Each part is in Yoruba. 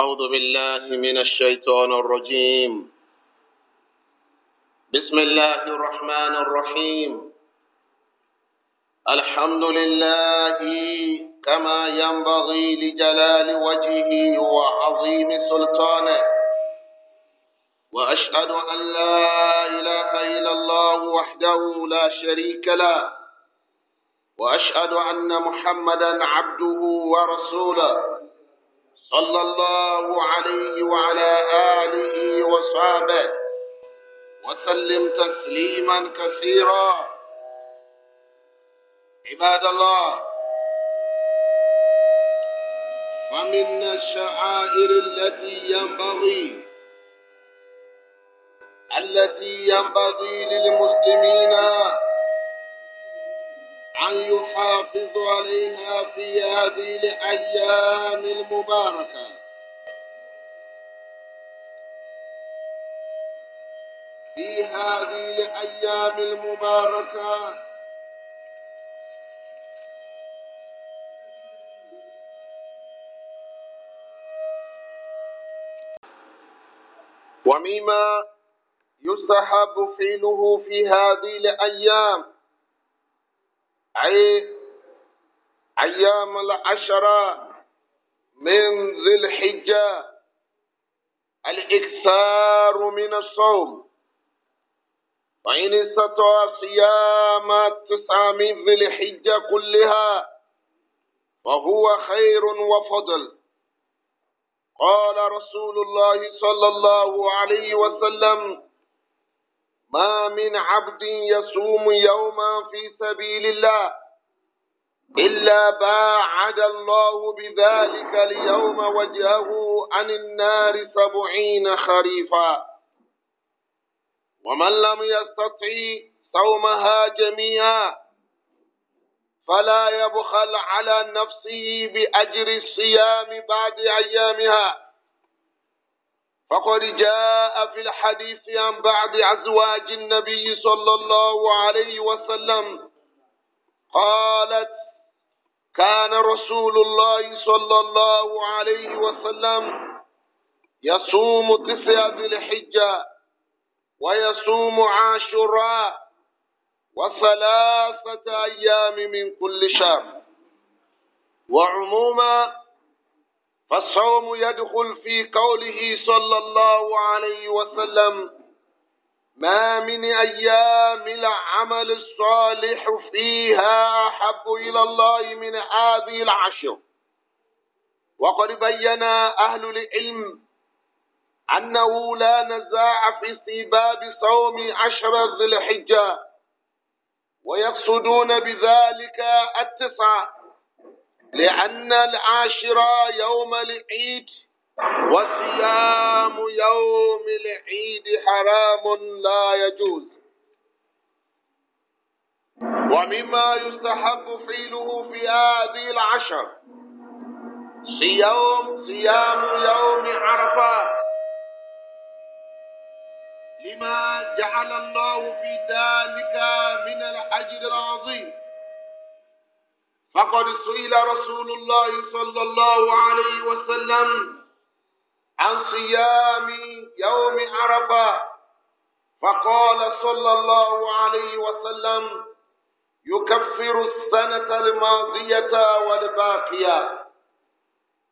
أعوذ بالله من الشيطان الرجيم بسم الله الرحمن الرحيم الحمد لله كما ينبغي لجلال وجهه وعظيم سلطانه وأشهد أن لا إله إلا الله وحده لا شريك له وأشهد أن محمدا عبده ورسوله صلى الله عليه وعلى آله وصحبه وسلم تسليما كثيرا عباد الله ومن الشعائر التي ينبغي التي ينبغي للمسلمين أن يحافظ عليها في هذه الأيام المباركة في هذه الأيام المباركة ومما يستحب فعله في هذه الأيام أي أيام العشرة من ذي الحجة الإكثار من الصوم وإن استطاع صيام تسعة من ذي الحجة كلها فهو خير وفضل قال رسول الله صلى الله عليه وسلم ما من عبد يصوم يوما في سبيل الله إلا باعد الله بذلك اليوم وجهه عن النار سبعين خريفا ومن لم يستطع صومها جميعا فلا يبخل على نفسه بأجر الصيام بعد أيامها فقد جاء في الحديث عن بعض أزواج النبي صلى الله عليه وسلم قالت كان رسول الله صلى الله عليه وسلم يصوم تسع ذي الحجة ويصوم عاشوراء وثلاثة أيام من كل شهر وعموما فالصوم يدخل في قوله صلى الله عليه وسلم ما من أيام العمل الصالح فيها أحب إلى الله من هذه العشر وقد بين أهل العلم أنه لا نزاع في استيباب صوم عشر ذي الحجة ويقصدون بذلك التسعة لأن العاشرة يوم العيد وصيام يوم العيد حرام لا يجوز ومما يستحق فعله في هذه العشر صيام صيام يوم عرفة لما جعل الله في ذلك من الأجر العظيم فقد سئل رسول الله صلى الله عليه وسلم عن صيام يوم عرفة فقال صلى الله عليه وسلم يكفر السنة الماضية والباقية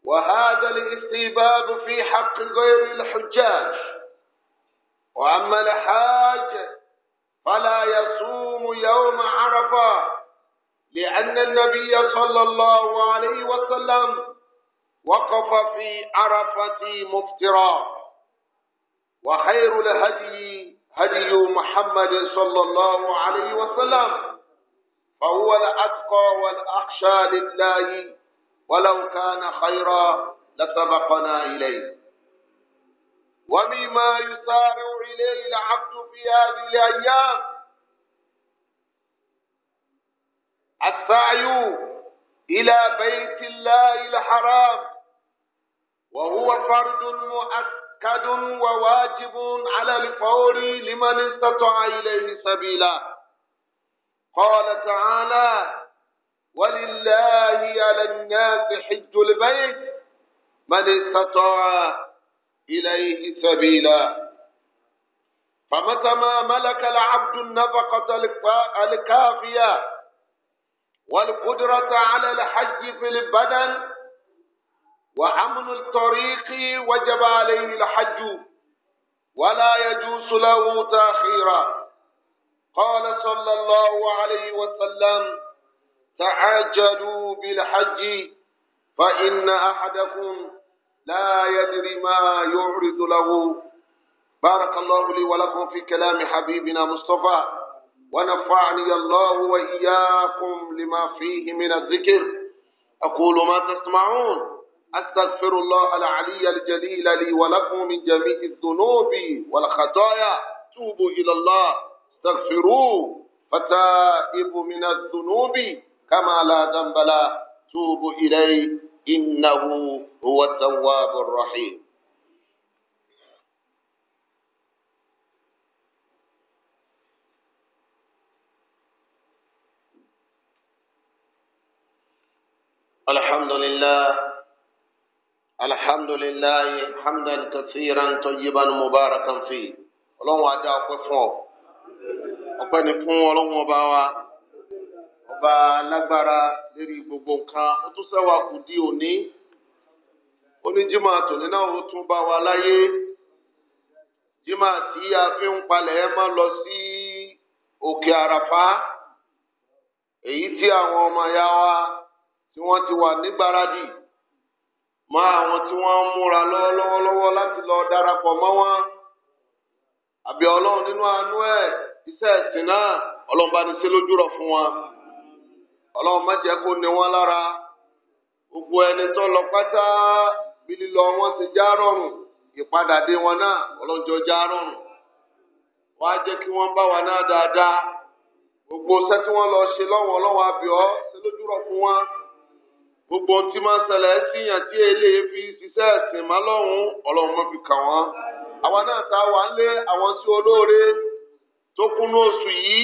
وهذا الاستيباب في حق غير الحجاج وأما الحاج فلا يصوم يوم عرفه لأن النبي صلى الله عليه وسلم وقف في عرفة مفترا وخير الهدي هدي محمد صلى الله عليه وسلم فهو الأتقى والأخشى لله ولو كان خيرا لسبقنا إليه ومما يسارع إليه العبد في هذه الأيام السعي إلى بيت الله الحرام وهو فرض مؤكد وواجب على الفور لمن استطاع إليه سبيلا قال تعالى ولله على الناس حج البيت من استطاع إليه سبيلا فمتى ما ملك العبد النفقة الكافية والقدرة على الحج في البدن وأمن الطريق وجب عليه الحج ولا يجوز له تأخيرا قال صلى الله عليه وسلم تعاجلوا بالحج فإن أحدكم لا يدري ما يعرض له بارك الله لي ولكم في كلام حبيبنا مصطفى ونفعني الله وإياكم لما فيه من الذكر أقول ما تسمعون أستغفر الله العلي الجليل لي ولكم من جميع الذنوب والخطايا توبوا إلى الله استغفروه فتائب من الذنوب كما لا ذنب له توبوا إليه إنه هو التواب الرحيم الحمد لله الحمد لله حمدا كثيرا طيبا مباركا فيه ọlọ́run adá ọpẹ́ fún fún ọlọ́run ọba wa ọba lágbára lérí gbogbo nǹkan ó tún sẹ́wà kù di òní oníjìmọ̀ àtòní náà ó tún bá wa láyé jìmọ̀ tí a fi ń palẹ̀ ẹ mọ́ lọ sí òkè àràfá èyí tí àwọn ọmọ ya wa. tí wọ́n ti wà nígbáradì Ma àwọn tí wọ́n ń múra lọ́wọ́lọ́wọ́ láti lọ darapọ mọ́ wọn àbí nínú àánú ẹ iṣẹ́ ẹ̀sìn náà ọlọ́run bá ní ṣe lójú fún wọn ọlọ́run má wọn lára gbogbo ẹni lọ pátá bí lílọ wọn ti já rọrùn ìpadà dé wọn náà jọ já rọrùn wàá jẹ́ kí wọ́n bá gbogbo ohun tí máa ṣẹlẹ̀ sí yàn tí eléyìí fi ṣiṣẹ́ ẹ̀sìn má lọ́hùn ọlọ́run má fi kà wọ́n. àwa náà ta wà ń lé àwọn sí olóore tó kúnú oṣù yìí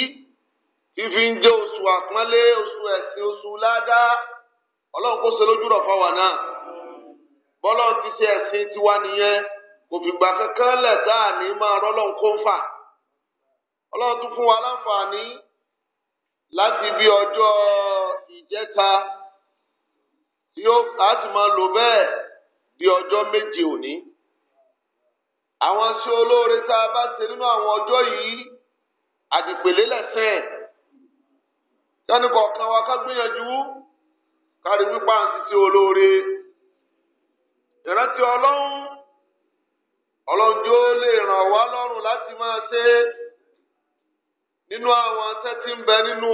fífi ń jẹ́ oṣù àpọ́nlé oṣù ẹ̀sìn oṣù ládàá ọlọ́run kó ṣe lójú rọ̀ náà. tiwa nìyẹn kò fìgbà kankan lẹ̀ ní máa rọ́lọ́run kó ń fà. ọlọ́run tún fún wa láǹfààní ó láti máa lò bẹ́ẹ̀ di ọjọ́ méje òní. Àwọn tí olóore tá a bá ṣe nínú àwọn ọjọ́ yìí àdìpèlé lẹ́sẹ̀ ẹ̀. Sẹ́ni kọ̀ọ̀kan wa ká gbìyànjú kárí wípé àǹtí tí olóore. Ìrántí Ọlọ́run Ọlọ́run jó lè ràn wá lọ́rùn láti máa ṣe nínú àwọn tẹ́tí ń bẹ nínú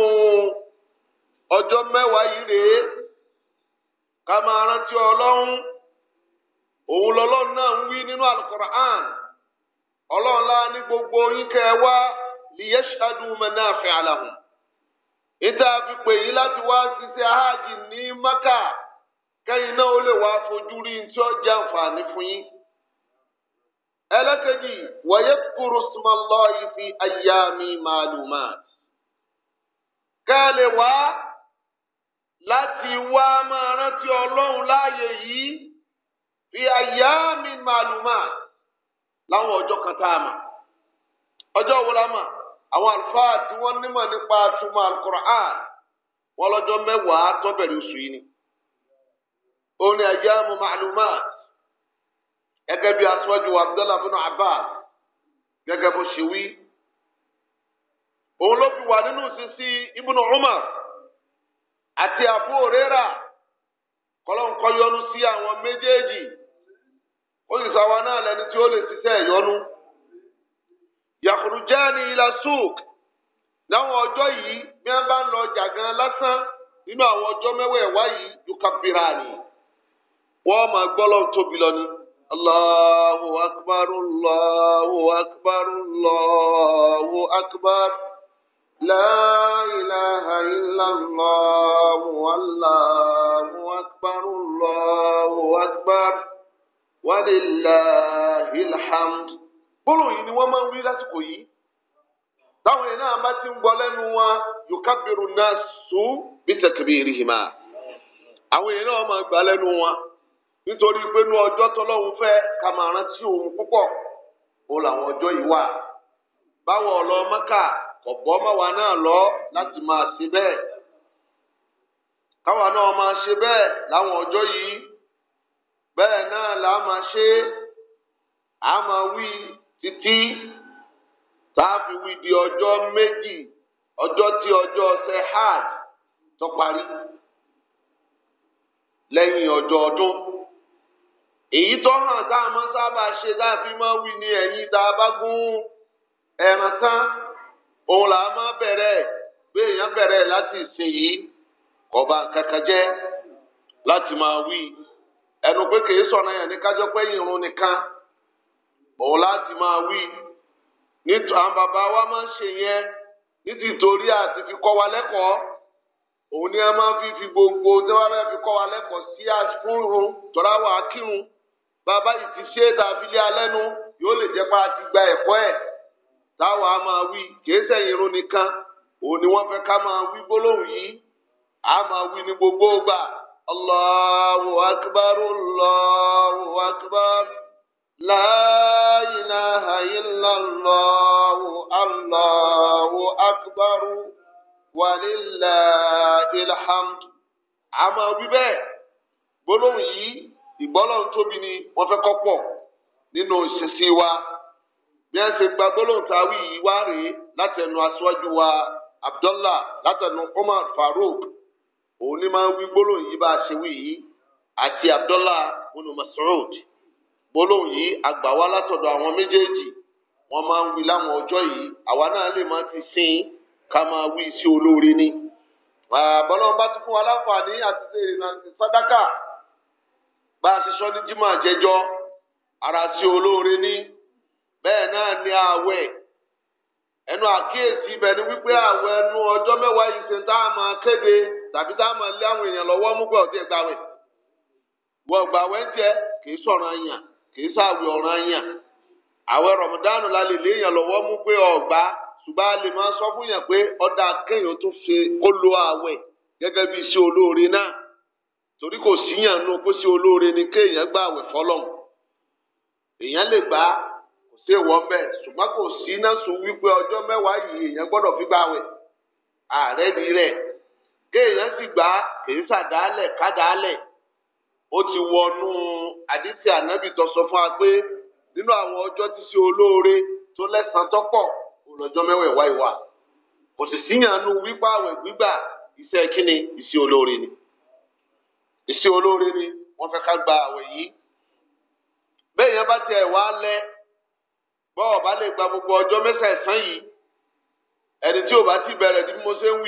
ọjọ́ mẹ́wàá yìí rèé. ká máa rántí ọlọ́run òun lọ́lọ́run náà ń wí nínú alukur'an ọlọ́run láà ní gbogbo yín kẹ́ ẹ wá liyashadu manafi'a lahum ìta fi pè yín láti wá hajj ní maka kẹ́yìn náà ó lè wá fojú rí tí ó jẹ́ àǹfààní fún yín. ẹlẹ́kẹ̀jì wa yadhkuru ayyami ma'lumat. lè wá. láti wá máa rántí ọlọ́run láàyè yìí fi àyà mi màlúmà láwọn ọjọ́ kan tá a mà ọjọ́ wo la mà àwọn àlùfáà tí wọ́n nímọ̀ nípa alukur'an wọn lọ́jọ́ mẹ́wàá tó oṣù yìí ni òun ni àyà mi màlúmà gẹ́gẹ́ bí aṣáájú abdullahi bin abbas gẹ́gẹ́ bó ṣe wí òun ló fi wà nínú sísí ibùnú umar. àti Abu Huraira kọlọ́n kọ́ yọnu sí àwọn méjèèjì ó sì sọ àwọn náà lẹni tí ó lè ṣiṣẹ́ ìyọnu. yakhrujani ila suq láwọn ọjọ́ yìí bí wọ́n bá ń lọ jàgán lásán nínú àwọn ọjọ́ mẹ́wẹ̀ẹ̀wá yìí yukabirani wọ́n máa gbọ́ lọ́n tóbi lọ ni. Allahu akbar Allahu akbar Allahu akbar. لا إله إلا الله والله أكبر الله أكبر ولله الحمد gbólóhùn yìí ni wọ́n máa ń wí lásìkò yìí táwọn yẹn náà bá ti ń gbọ́ lẹ́nu wọn yukabiru nasu bitakbirihima àwọn yẹn náà máa gbà lẹ́nu wọn nítorí pé ní ọjọ́ tọ́lọ́hún fẹ́ ká máa òun púpọ̀ òun làwọn ọjọ́ yìí wà báwọn ọ̀lọ́ ọ̀bọ má wà náà lọ láti máa ṣe bẹ́ẹ̀ káwa náà máa ṣe bẹ́ẹ̀ láwọn ọjọ́ yìí bẹ́ẹ̀ náà là á máa ṣe á máa wí títí tá a fi wí di ọjọ́ méjì ọjọ́ tí ọjọ́ ṣe hajj tó parí lẹ́yìn ọjọ́ ọdún èyí tó hàn tá a máa sábà ṣe tá a fi máa wí ní ẹ̀yìn tá a bá gún ẹran tán. òun là á máa bẹ̀rẹ̀ bí èèyàn bẹ̀rẹ̀ láti ìsìn yìí kọba kankan jẹ́ láti máa wí ẹnu pé kìí sọ̀rọ̀ yẹn ní kájọ pé irun nìkan òun láti máa wí nítorí àwọn bàbá wa máa ń ṣe yẹn nítìtorí àti fi kọ́ wa lẹ́kọ̀ọ́ òun ni a máa fi fi gbogbo tí wọ́n fẹ́ fi kọ́ wa lẹ́kọ̀ọ́ sí àfúnrun tọ́lá kírun bàbá yìí ti ṣe é alẹ́nu yóò lè jẹ́ gba ẹ̀kọ́ táwa máa wí kìí irun nìkan òun ni wọ́n fẹ́ ká máa wí gbólóhùn yìí a máa wí ní gbogbo gbà Allahu akbar Allahu akbar la ilaha illallahu Allahu akbar walillahil a máa wí bẹ́ẹ̀ gbólóhùn yìí ìgbọ́lọ́run tóbi ni wọ́n fẹ́ kọ́ bí wọ́n ṣe gba gbólóhùn tàwí yìí wá rèé láti ẹnu aṣáájú wa Abdullah láti ẹnu Umar Farouk òun ni máa ń wí gbólóhùn yìí bá a ṣe wí yìí àti Abdullah bunu Mas'ud gbólóhùn yìí àgbà wá látọ̀dọ̀ àwọn méjèèjì wọ́n máa ń wí láwọn ọjọ́ yìí àwa náà lè máa ti sìn ká máa wí sí olóore ni bọ́lọ́run bá tún fún wa láǹfààní àti ṣe ìrántí sàdákà bá a ṣe ní jimá jẹjọ ara sí olóore ni. bẹ́ẹ̀ náà ni àwẹ̀ ẹnu àkíyèsí ibẹ̀ ni wípé àwẹ̀ ẹnu ọjọ́ mẹ́wàá yìí ṣe tá a máa kéde tàbí tá a máa lé àwọn èèyàn lọ́wọ́ mú pé ọ̀dí ẹ̀gbà wẹ̀ wọ́n gbà wẹ́ jẹ́ kì í sọ̀rọ̀ àyàn kì í sàwẹ̀ ọ̀rọ̀ àyàn àwẹ̀ rọ̀mùdánù la lè lé èèyàn lọ́wọ́ mú pé ọ̀gbà ṣùgbọ́n a lè máa sọ fún yàn pé ọ̀dà kéèyàn tó ṣe kó sí ìwọ bẹ́ẹ̀ ṣùgbọ́n kò sí iná sùn wípé ọjọ́ mẹ́wàá yìí èèyàn gbọ́dọ̀ fi gbààwẹ̀ ààrẹ ni rẹ̀ kéèyàn sì gbà kèé sàdálẹ̀ kádàálẹ̀ ó ti wọnú àdìsí ànábì tó sọ fún wa pé nínú àwọn ọjọ́ tí ṣe olóore tó lẹ́sàn-án tọ́pọ̀ òlọ́jọ́ mẹ́wẹ̀ẹ̀wá ìwà kò sì síyànnú wípé àwẹ̀ gbígbà iṣẹ́ kíni iṣẹ́ olóore ni iṣẹ́ olóore ni wọ́n fẹ́ ká gba àwẹ̀ yìí bẹ́ẹ̀ yẹn bá tiẹ̀ wá lẹ́ bọ́ ọ bá lè gba gbogbo ọjọ́ mẹ́sàn-án yìí ẹni tí ò bá ti bẹ̀rẹ̀ ní mo ṣe ń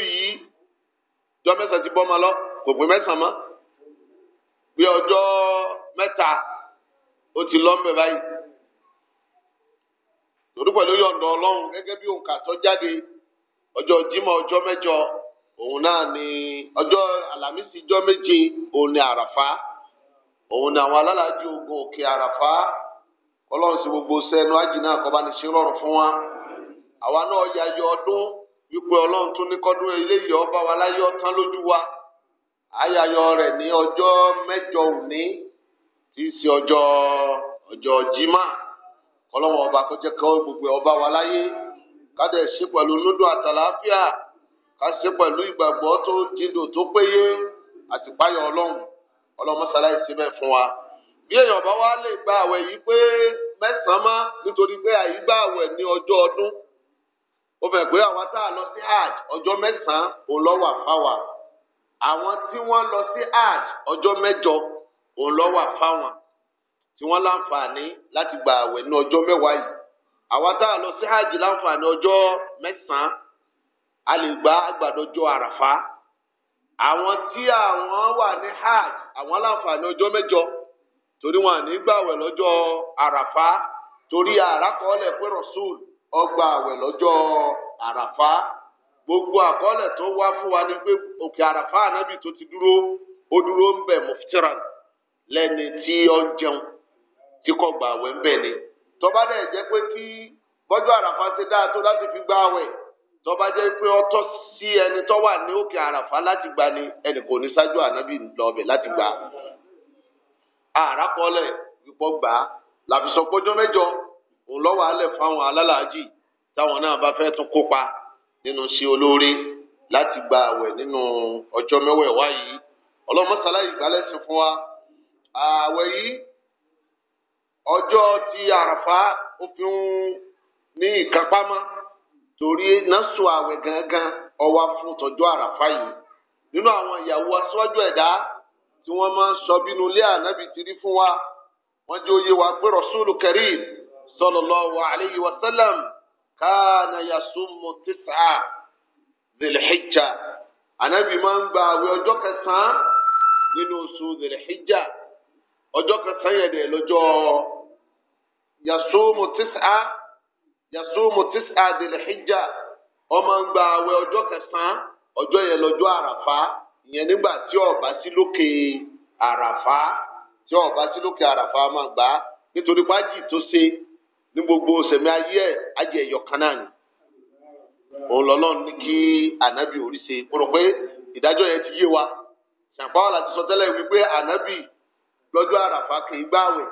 ti bọ́ ma lọ kò pé mẹ́sàn mọ́ bí ọjọ́ mẹ́ta ó ti lọ́ ń bẹ̀ báyìí torí pẹ̀lú yọ̀ǹda ọlọ́run gẹ́gẹ́ bí òǹkà tó jáde ọjọ́ ọjọ́ mẹ́jọ òun náà ni ọlọ́run sì gbogbo sẹ́nu ájì náà kọ́ bá ní sí rọrùn fún wa àwa náà ya yọ ọdún wípé ọlọ́run tún ní kọ́dún eléyìí ọba wa láyọ̀ tán lójú wa àyàyọ rẹ̀ ní ọjọ́ mẹ́jọ òní tí í ṣe ọjọ́ ọjọ́ jimá ọlọ́run ọba kọjá kan gbogbo ọba wa láyé kádẹ ṣe pẹ̀lú núdùn àtàlàáfíà ká ṣe pẹ̀lú tó jindò tó péye àtìpáyọ ọlọ́run ọlọ́run mọ́sálá ìsinmi fún wa bí èèyàn bá wá lè gba àwẹ̀ yìí pé mẹ́sàn-án má nítorí pé àyí gba àwẹ̀ ní ọjọ́ ọdún ó fẹ́ pé àwọn tá a lọ sí hajj ọjọ́ mẹ́sàn-án òun lọ́wọ́ àfáwà àwọn tí wọ́n lọ sí hajj ọjọ́ mẹ́jọ òun lọ́wọ́ àfáwọn tí wọ́n láǹfààní láti gba àwẹ̀ ní ọjọ́ mẹ́wàá yìí àwọn tá a lọ sí hajj láǹfààní ọjọ́ mẹ́sàn-án a lè gba àgbàdọjọ àràfá àwọn tí àwọn wà ní hajj àwọn láǹfààní ọjọ́ mẹ́jọ. torí wọn àní gbàwẹ̀ lọ́jọ́ àràfá torí àràkọọ́lẹ̀ pé rasul ọgbà àwẹ̀ lọ́jọ́ àràfá gbogbo àkọọ́lẹ̀ tó wá fún wa ni pé òkè àràfá ànábì tó ti dúró ó dúró ń bẹ̀ muftiran lẹ́ni tí ó ń jẹun tí kò gbà ń ni tọ́ba dẹ̀ jẹ́ pé kí àràfá ṣe dáa tó fi gbà àwẹ̀ tọ́ba jẹ́ pé ọtọ sí ẹni tó wà ní òkè ni ẹnì kò ní ṣáájú ànábì láti àràkọọlẹ ìpọ gbà á làbìsọpọjọ mẹ́jọ òun lọ́wọ́ alẹ fáwọn alálàájì táwọn náà bá fẹ́ tún kópa nínú sí olóore láti gba àwẹ̀ nínú ọjọ́ mẹ́wẹ̀ẹ̀wá yìí ọlọmọsálá ìgbàlẹsìn fún wa àwẹ̀ yìí ọjọ́ ti àràfá ó fi ń ní ìkápámọ́ torí násù àwẹ̀ gangan ọwá fún tọjọ́ àràfá yìí nínú àwọn ìyàwó aṣáájú ẹ̀dá. E tí wọ́n máa ń sọ bínú ilé ànábì ti rí fún wa wọ́n jẹ́ òye wa pé rasulu karim sallallahu alayhi wa sallam kana yasumu tis'a zilhijja ànábì máa ń gba àwẹ̀ ọjọ́ kẹsàn-án nínú oṣù zilhijja ọjọ́ kẹsàn yẹn dẹ̀ lọ́jọ́ yasumu tis'a yasumu tis'a zilhijja ó ń gba àwẹ̀ ọjọ́ kẹsàn-án yẹn lọ́jọ́ àràfá. ìyẹn nígbà tí ọba sí lókè àràfá tí ọba sí lókè àràfá máa gbà á nítorí pàjì tó ṣe ní gbogbo sẹ̀mí ayé ẹ̀ ajẹ́ ni òun ní kí ànábì orí ṣe mo pé yẹn ti yé wa ṣàǹpáwọ̀ láti sọ tẹ́lẹ̀ wípé ànábì lọ́jọ́ àràfá kì í gbààwẹ̀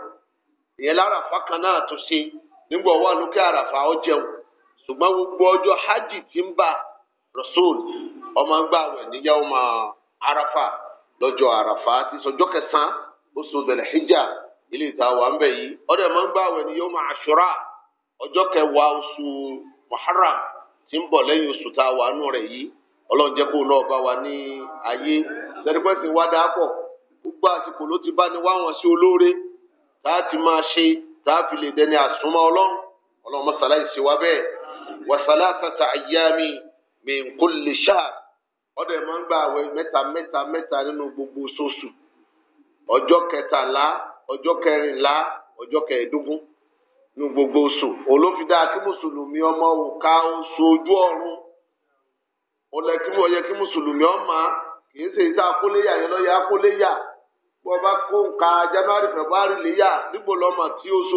ìyẹn láràfá kan náà tó ṣe nígbà wà lókè àràfá ó jẹun gbogbo hajj ti ń bà rasul ọmọ níyàwó máa. arafa lọ́jọ́ Arafa ti sọjọ́ kẹsàn-án oṣù dẹ̀lẹ̀ hijab ilé ìtawà wà ń yìí ọ̀dẹ̀ máa ń bá ashura ọjọ́ kẹwàá oṣù muharram ti ń lẹ́yìn oṣù tá wà nù rẹ yìí ọlọ́run kó bá wa ní ayé wá dáa gbogbo àsìkò ló ti bá ní sí olóore tá a ti máa ṣe tá a fi lè dẹni ọ máa ń gba àwẹ̀ mẹ́ta mẹ́ta mẹ́ta nínú gbogbo oṣooṣù ọjọ́ kẹtàlá ọjọ́ kẹrìnlá ọjọ́ kẹẹ̀ẹ́dógún nínú gbogbo oṣù olófin kí mùsùlùmí ọmọ òka oṣù ojú ọ̀run ó kí mo yẹ kí mùsùlùmí ọmọ ṣe akóléyà yẹn lọ́yẹ akóléyà bá kó nǹka january february léyà nígbò lọ́mọ tí oṣù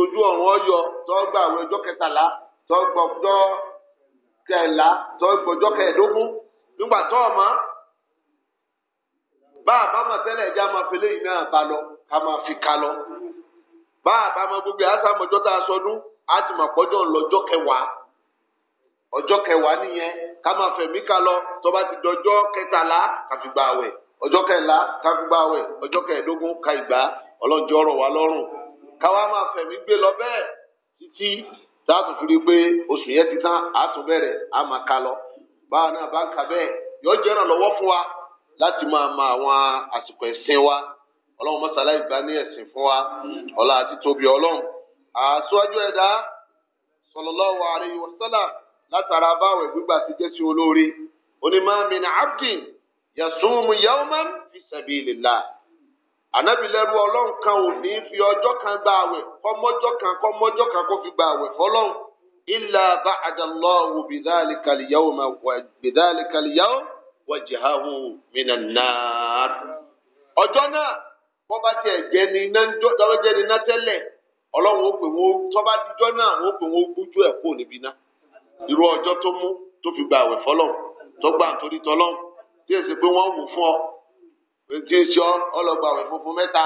ojú gba ọjọ́ kẹtàlá tó tó nígbà tó o mọ̀ bá a bá mọ̀ tẹ́lẹ̀ ẹ̀já máa fẹlẹ́ yìí náà lọ ká fi ka lọ bá a bá mọ̀ gbogbo àti àmọ̀jọ́ tá a ti ma pọ́jọ́ ńlọ́jọ́ kẹwàá ọjọ́ kẹwàá nìyẹn ká fẹ̀mí lọ ti dọjọ́ kẹtàlá fi gba àwẹ̀ ọjọ́ kẹlá ká gba àwẹ̀ ọjọ́ kẹẹ̀ẹ́dógún ká ìgbà ọlọ́jọ́ ọ̀rọ̀ wá lọ́rùn wa ma fẹ̀mí gbé lọ bẹ́ẹ̀ títí táà fi rí ti tán á lọ báwa náà bá ń kà bẹ́ẹ̀ yóò jẹ́ ìrànlọ́wọ́ fún wa láti máa ma àwọn àsìkò ẹ̀sìn wa ọlọ́run mọ́sálá ìgbà ní ẹ̀sìn fún wa ọlá àti tóbi ọlọ́run àṣọjú ẹ̀dá sallallahu alaihi wasallam látara báwẹ̀ gbígbà ti jẹ́ sí olóore onímọ̀ min abdin yasumu yawman fi sabilillah ànábì lẹ́rú ọlọ́run kan ò ní fi ọjọ́ kan gbà àwẹ̀ kọ́mọ́jọ́ kan kọ́mọ́jọ́ kan kó fi gbà àwẹ̀ fọlọ́run إلا بعد الله بذلك اليوم بذلك اليوم وجهه من النار ọjọ́ wọ́n bá tiẹ̀ jẹ́ ní iná dọ́lọ́ jẹ́ ní iná tẹ́lẹ̀ ọlọ́run ó pè wọ́n tọ́ba díjọ́ náà wọ́n pè wọ́n gbójú ẹ̀ kó níbi iná irú ọjọ́ tó mú tó fi gba àwẹ̀ fọlọ́ tó gbà nítorí tọ́lọ́ tí èsì pé wọ́n wù fún ọ tí èsì ọ ọlọ́gba àwẹ̀ funfun mẹ́ta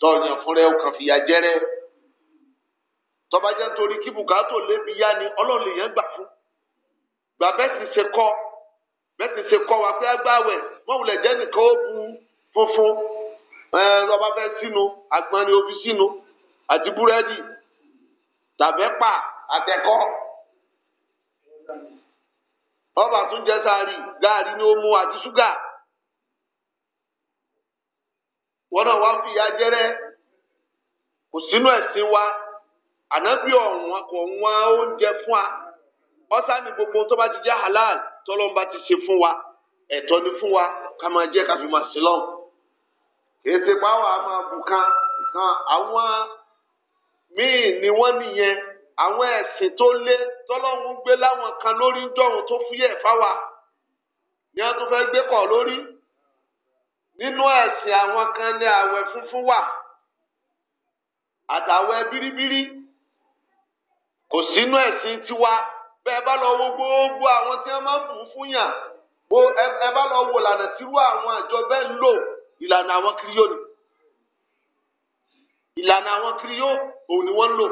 tọ̀yàn fúnra ẹ̀ kàn fìyà jẹ́rẹ́ tọba jẹ́ nítorí kí bùkátò lébi yá ni ọlọ́run lè yẹn gbà fún gbà bẹ́ẹ̀ ti ṣe kọ́ bẹ́ẹ̀ ti ṣe kọ́ wa pé agbáwẹ̀ wọ́n wulẹ̀ jẹ́ nìkan ó bu funfun lọ́ba fẹ́ sínú agbọ́n ni sínú àti búrẹ́dì tàbẹ́pà àtẹ̀kọ́ ọba tún jẹ sáárì gaari ni ó mu àti ṣúgà wọn náà wá ń fi ìyà jẹrẹ kò sínú ẹ̀sìn wa ànábì ọ̀wọ́n kò wọ́n oúnjẹ fún wa ọ̀sá ni gbogbo tó bá ti jẹ́ halal tọ́lọ́mba ti ṣe fún wa ẹ̀tọ́ ni fún wa ká máa jẹ́ ká fi máa sí lọ́hùn. ètè pàwọ́ a máa bù kan kan àwọn míì ni wọ́n nìyẹn àwọn ẹ̀sìn tó lé tọ́lọ́hún gbé láwọn kan lórí jọ̀hún tó fúyẹ́ fáwa ni wọ́n tún fẹ́ gbé kọ̀ lórí nínú ẹ̀sìn àwọn kan ní àwẹ̀ funfun wà àtàwẹ̀ bíríbírí kò sínú ẹ̀sìn tiwa bẹ́ẹ̀ bá lọ wo gbogbo àwọn tí wọ́n máa ń bù fún yàn ẹ bá lọ wo ìlànà tírú àwọn àjọ bẹ́ẹ̀ ń lò ìlànà àwọn kiriyó ni ìlànà àwọn kiriyó òun ni wọ́n ń lò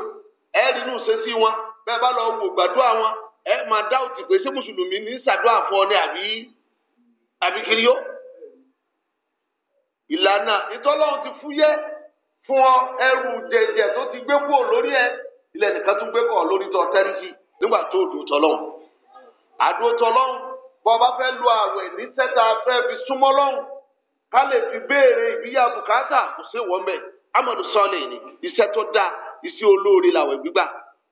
ẹ rí inú ṣe sí wọn bẹ́ẹ̀ bá lọ wo gbàdúrà wọn ẹ máa dá òtì ṣé mùsùlùmí ní sàdúrà fún ọ ní àbí àbí kiriyó. ìlànà ìtọ́lọ́run ti fúyẹ́ fún ọ ẹrù jẹjẹ tó ti gbé kúrò lórí ẹ ilẹ̀ nìkan tún gbé kọ̀ lórí nígbà tó dùn tọ́lọ́run àdúró tọ́lọ́run bọ́ bá fẹ́ lu àwẹ̀ ní sẹ́ta fẹ́ fi súnmọ́ lọ́hùn ká lè fi béèrè ìbíyà bùkátà kò sí ìwọ́n mẹ́ amadu sọ́ọ̀lì ni iṣẹ́ tó dáa iṣẹ́ olóore làwẹ̀ gbígbà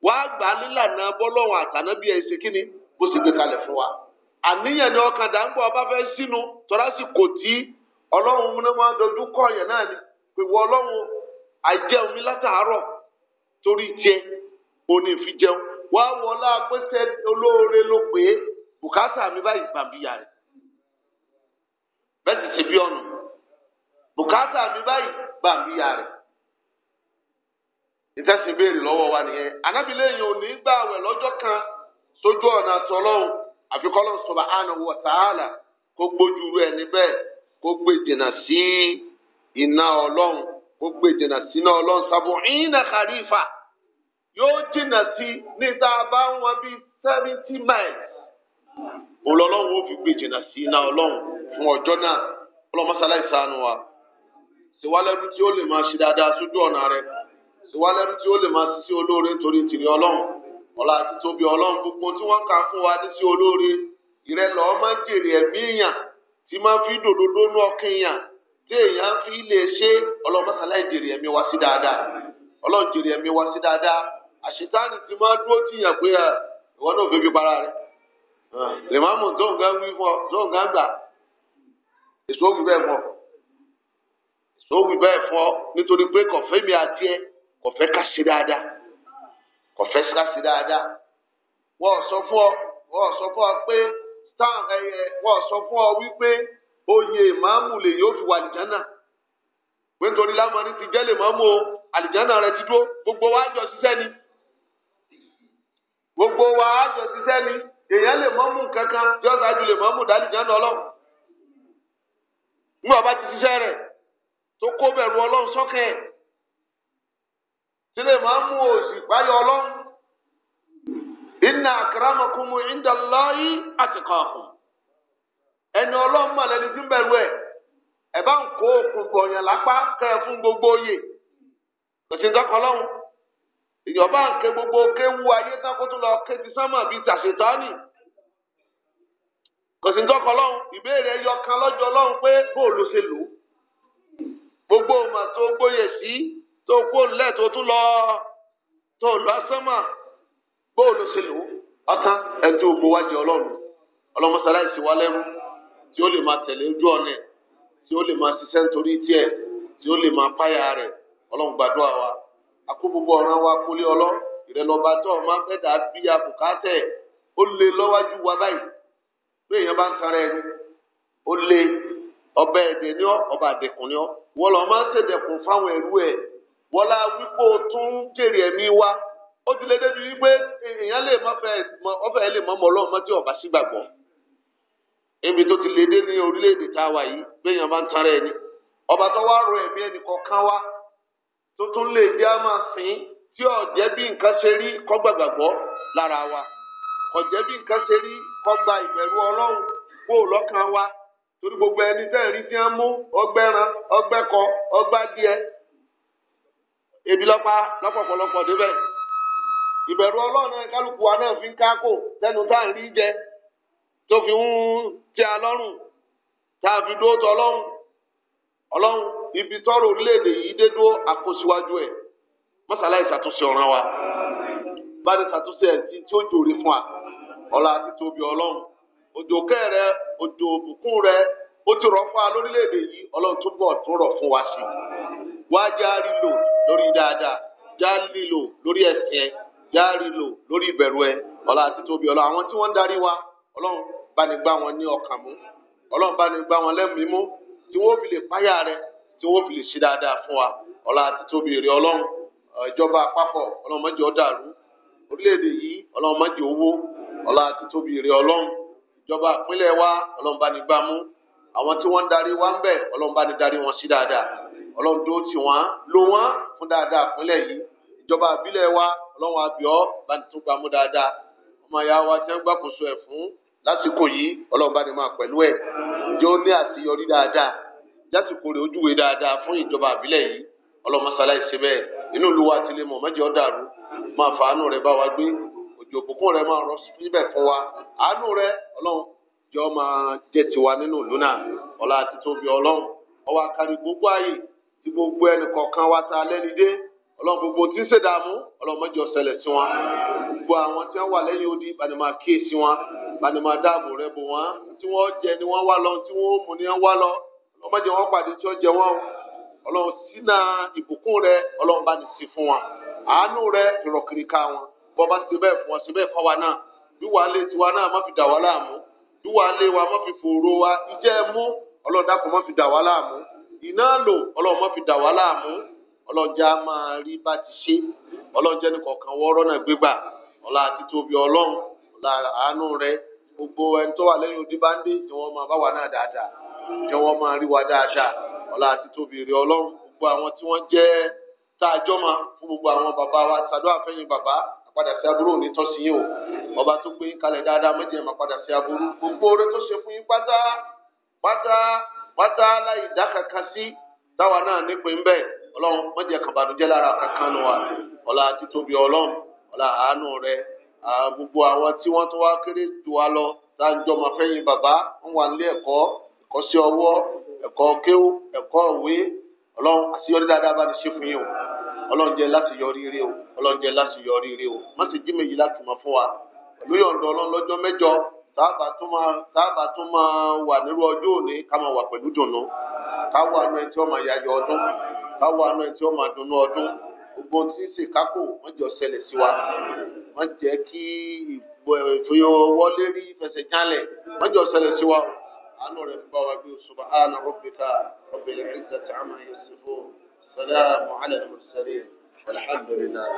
gbà á nílànà bọ́lọ́hùn ọlọ́run múná máa dojú kọ ọ̀yàn náà ni pèwọ́ ọlọ́run àìjẹun mi látàárọ̀ torí tiẹ̀ òní fi jẹun wàá wọlá olóore ló pè bùkátà mi báyìí bàbíyà rẹ̀ bẹ́ẹ̀ ti ṣe bí ọ̀nà bùkátà mi báyìí bàbíyà rẹ̀ béèrè lọ́wọ́ wa nìyẹn anábìlẹ́yìn ò ní gbà wẹ̀ lọ́jọ́ kan sójú ọ̀nà àtọ́lọ́hún kó gbójú kó gbé dènà sí iná ọlọ́run kó gbé dènà sí iná ọlọ́run sábò ìyínà kàrífà yóò dènà sí níta bá wọn bíi seventy miles ọlọ́run ó fi gbé dènà sí iná ọlọ́run fún ọjọ́ náà ọlọ́run mọ́sálá wa ṣèwálẹ́rú tí ó lè máa ṣe dáadáa sójú ọ̀nà rẹ ṣèwálẹ́rú tí ó lè máa ṣiṣẹ́ olóore nítorí tìrì ọlọ́run ọlá àti tóbi ọlọ́run gbogbo tí wọ́n kà fún wa ní sí olóore ìrẹ́lọ́ máa jèrè ẹ̀mí èèyàn tí máa fi dòdòdó nú ọkàn yàn tí èèyàn fi lè ṣe ọlọ́mọsálá ìjèrè ẹ̀mí wá sí dáadáa ọlọ́ọ̀jèrè ẹ̀mí wá sí dáadáa àṣetáàní ti máa dúró tìyàn pé ah, ìwọ náà fẹ́ fi para rẹ ah, lèmọ́mù wí fún ọ gbà èso bẹ́ẹ̀ èso bẹ́ẹ̀ nítorí pé kọ̀fẹ́ mi àti ẹ kọ̀fẹ́ ká wọ́n sọ fún ọ wípé oyè ìmáàmù lè yóò fi wà àlìjánà pé nítorí lámọ́ni ti jẹ́ lè mọ́mú o àlìjánà rẹ ti dúró gbogbo wa jọ ṣiṣẹ́ ni gbogbo wa jọ ṣiṣẹ́ ni èèyàn lè mọ́mú kankan yọ ṣáájú lè mọ́mú dálìjánà ọlọ́run ní ọba ti ṣiṣẹ́ rẹ̀ tó kó bẹ̀rù ọlọ́run sọ́kẹ́ sílẹ̀ máa ń mú òsì páyọ ọlọ́run inna akramakum indallahi atqakum ẹni ọlọ́run mọ̀ lẹ́ni tí ń bẹ̀rù ẹ̀ ẹ̀ bá ń kó okùn gbọ̀nyàn ẹ gbogbo oyè òṣìṣẹ́kọ̀ ọlọ́run ìyọ̀bá gbogbo kéwu ayé tán kó tún lọ ké gbogbo ọmọ tó gbóyè sí tó kó bóòlù ṣe lò ọtán ẹtí ogun wájú ọlọ́run ọlọmọsáláìsì wa lẹ́rú tí ó lè máa tẹ̀lé ojú ọ̀nà tí ó lè máa ṣiṣẹ́ nítorí tiẹ̀ tí ó lè máa páyà rẹ̀ ọlọ́run gbàdúrà wa akó gbogbo ọ̀ràn wa kólé ọlọ́ ìrẹ́lọ́ba tó o máa fẹ́ dàá bí abùkátẹ̀ ó lé lọ́wájú wa báyìí pé èèyàn bá ń sara ẹni ó lé ọba ẹ̀dẹ̀ ni ọ́ ọba àdẹ̀kùn ni ọ́ wọ́n lọ́ọ́ máa ń ṣèdẹ̀kùn fáwọn ẹ̀rú ẹ̀ wọ́n lá wípé o tún kéré ẹ̀mí wa ó ti lè débi wípé èèyàn lè má fẹ́ lè ọba sí gbagbọ tó ti lè dé ní orílẹ̀ tá a wà yìí béèyàn bá ń tan ẹni ọba tó wá ro ẹ̀mí ẹnì kọ̀ọ̀kan wá tó tún lè máa sìn tí bí nǹkan ṣe rí lára wa ọ̀jẹ́ bí nǹkan ṣe rí kọ́gbà wa torí gbogbo ẹni tẹ́ tí wọ́n mú ọgbẹ́ran ọgbẹ́kọ ọgbádìẹ ebi lọ́pàá ìbẹ̀rù ọlọ́run náà kálukú wa náà fi ń kákò lẹ́nu tá à ń rí jẹ tó fi ń tẹ alọ́rùn tá a fi dúró ọlọ́run ọlọ́run ibi tọ́rọ̀ orílẹ̀-èdè yìí dé dúró àkóṣíwájú ẹ̀ mọ́sálá ìṣàtúnṣe ọ̀ràn wa bá ní ṣàtúnṣe ẹ̀ tí tí ó jòrè fún wa ọlá àti tóbi ọlọ́run òjò kẹ́ òjò òbùkún ti fún wa lórílẹ̀-èdè yìí ọlọ́run tó bọ̀ tó yáàrí lò lórí ìbẹ̀rù ẹ ọlá àti tóbi ọlá àwọn tí wọ́n ń darí wa ọlọ́run bá ní gbá wọn ní ọkàn mú ọlọ́run bá ní gbá wọn lẹ́mìí mú tí wọ́n fi lè páyà rẹ tí wọ́n fi lè ṣe dáadáa fún wa ọlá àti tóbi rẹ ọlọ́run ìjọba àpapọ̀ ọlọ́run má jẹ́ ó dàrú orílẹ̀-èdè yìí ọlọ́run má jẹ́ ó wó àti tóbi rẹ ọlọ́run ìjọba ìpínlẹ̀ wa ọlọ́run bá ní gbá mú àwọn tí wọ́n darí wa ń bẹ̀ ọlọ́run bá ní darí wọn sí dáadáa ọlọ́run dó tì wọ́n lò wọ́n fún dáadáa ìpínlẹ̀ yìí ìjọba ìbílẹ̀ wa ọlọ́run àbíọ́ bá ti tún gbà mú dáadáa ọmọ ìyá wa tí wọ́n gbàkóso ẹ̀ fún lásìkò yìí ọlọ́run bá ní máa pẹ̀lú ẹ̀ jẹ́ ó ní àṣeyọrí dáadáa jásìkò rẹ̀ ojúwe dáadáa fún ìjọba àbílẹ̀ yìí ọlọ́run bẹ́ẹ̀ inú ti lè mọ̀ mẹ́jọ dàrú máa rẹ̀ bá wa gbé òjò rẹ̀ máa rọ síbẹ̀ fún wa àánú rẹ̀ jọ máa jẹ́ tiwa nínú ìlú náà ọlá ọlọ́run gbogbo tí ń ṣèdààmú ọlọ́run mọ́jọ ṣẹlẹ̀ sí wọn gbogbo àwọn tí wọ́n wà lẹ́yìn odi bani máa kíyèsí wọn bani máa dáàbò rẹ bò wọn tí wọ́n jẹ ni wọ́n wá lọ tí wọ́n mú ni wọ́n wá lọ ọmọdé wọn pàdé tí wọ́n jẹ wọn o ọlọ́run sínà ìbùkún rẹ ọlọ́run bá ní sí fún wọn àánú rẹ ìrọ̀kìríkà wọn bọ́ bá ṣe bẹ́ẹ̀ fún wọn ṣe bẹ́ẹ̀ fún wa náà bí ọlọ́jà máa rí bá ti ṣe ọlọ́jà ní kọ̀ọ̀kan wọ́ọ́rọ́ náà gbégbà ọlá àti tóbi ọlọ́run ọlá àánú rẹ gbogbo ẹni tó wà lẹ́yìn odi bá ń dé jẹ́ wọ́n máa bá wa náà dáadáa jẹ́ máa rí wa dáadáa ọlá àti tóbi rẹ ọlọ́run gbogbo àwọn tí wọ́n jẹ́ tá a jọ́ máa fún gbogbo àwọn bàbá wa sàdó àfẹ́yìn bàbá àpadà sí aburú òní tọ́sí yìí o ọba tó gbé kalẹ̀ dáadáa méjì ẹ̀ máa padà sí aburú gbogbo oore tó ṣe fún yín pátá pátá pátá láì dá kankan sí táwa náà nípìn bẹ́ẹ̀ ọlọ́run má jẹ́ kan bànújẹ́ lára kankan nù wa ọlá títóbi ọlọ́run ọlá àánú rẹ gbogbo àwọn tí wọ́n tún wá kéré jù wá lọ láńjọ́ máa fẹ́yìn bàbá ń wà nílé ẹ̀kọ́ ẹ̀kọ́ sí ọwọ́ ẹ̀kọ́ kéwú ẹ̀kọ́ òwe ọlọ́run àṣeyọrí dáadáa bá ti ṣe fún yín o ọlọ́run jẹ́ láti yọrí ire o ọlọ́run jẹ́ láti yọrí ire o má sì jí méjì láti mọ̀ fún wa pẹ̀lú yọ̀ǹda ọlọ́run lọ́jọ́ mẹ́jọ táàbà tún máa táàbà tún máa wà nírú ọjọ́ òní ká máa wà pẹ̀lú dùnú ká wà nú ẹni tí wọ́n máa yáyọ ọdún káwọn àna tí wọn máa dunnú ọdún gbogbo tí sèkákò wọn jọ ṣẹlẹ̀ sí wa wọn jẹ kí ìfowówọlé rí ìfẹsẹ̀jálẹ̀ wọn jọ ṣẹlẹ̀ sí wa àánú rẹ fún báwa bí subhana rabbika rabbil izzati amma yasifun salamu ala al-mursalin walhamdulillah.